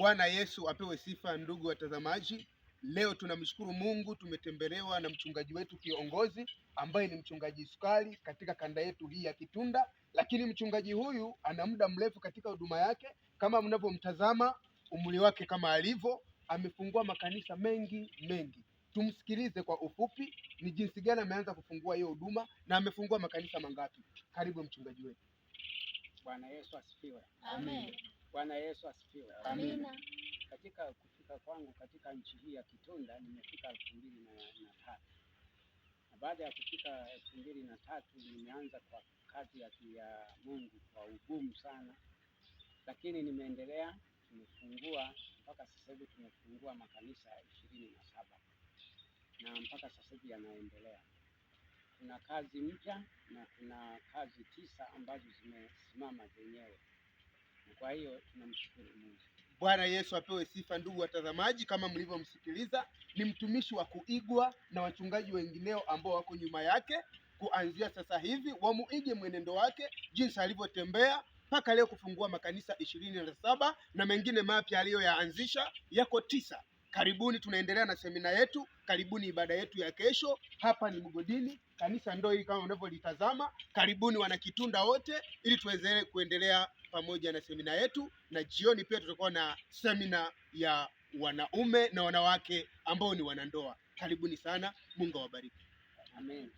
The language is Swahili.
Bwana Yesu apewe sifa. Ndugu watazamaji, leo tunamshukuru Mungu, tumetembelewa na mchungaji wetu kiongozi ambaye ni mchungaji Sukari katika kanda yetu hii ya Kitunda, lakini mchungaji huyu ana muda mrefu katika huduma yake. Kama mnavyomtazama umri wake kama alivyo, amefungua makanisa mengi mengi. Tumsikilize kwa ufupi, ni jinsi gani ameanza kufungua hiyo huduma na amefungua makanisa mangapi. Karibu mchungaji wetu. Bwana Yesu asifiwe. Amen. Bwana Yesu asifiwe. Amina. Katika kufika kwangu katika nchi hii ya Kitunda nimefika elfu mbili na, na tatu na baada ya kufika elfu mbili na tatu nimeanza kwa kazi ya, ya Mungu kwa ugumu sana, lakini nimeendelea. Tumefungua mpaka sasa hivi tumefungua makanisa ishirini na saba na mpaka sasa hivi yanaendelea. Kuna kazi mpya na kuna kazi tisa ambazo zimesimama zenyewe. Kwa hiyo tunamshukuru Mungu. Bwana Yesu apewe sifa. Ndugu watazamaji, kama mlivyomsikiliza, ni mtumishi wa kuigwa na wachungaji wengineo ambao wako nyuma yake kuanzia sasa hivi wamuige mwenendo wake, jinsi alivyotembea mpaka leo kufungua makanisa ishirini na saba na mengine mapya aliyoyaanzisha yako tisa. Karibuni, tunaendelea na semina yetu. Karibuni ibada yetu ya kesho, hapa ni mgodini. Kanisa ndio hili kama unavyolitazama. Karibuni wanakitunda wote, ili tuweze kuendelea pamoja na semina yetu, na jioni pia tutakuwa na semina ya wanaume na wanawake ambao ni wanandoa. Karibuni sana, Mungu awabariki. Amen.